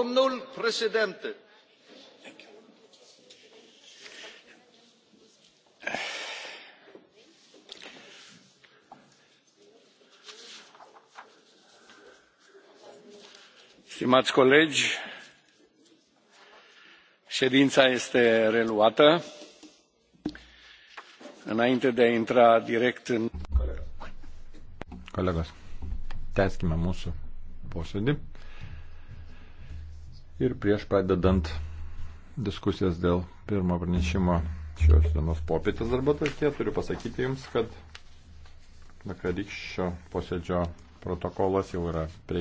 Domnul președinte. Stimați colegi, ședința este reluată. Înainte de a intra direct în... Kolegos, tęskime mūsų posėdį. Ir prieš pradedant diskusijas dėl pirmo pranešimo šios dienos popietės darbo tarkė, turiu pasakyti Jums, kad vakarykščio posėdžio protokolas jau yra prieimamas.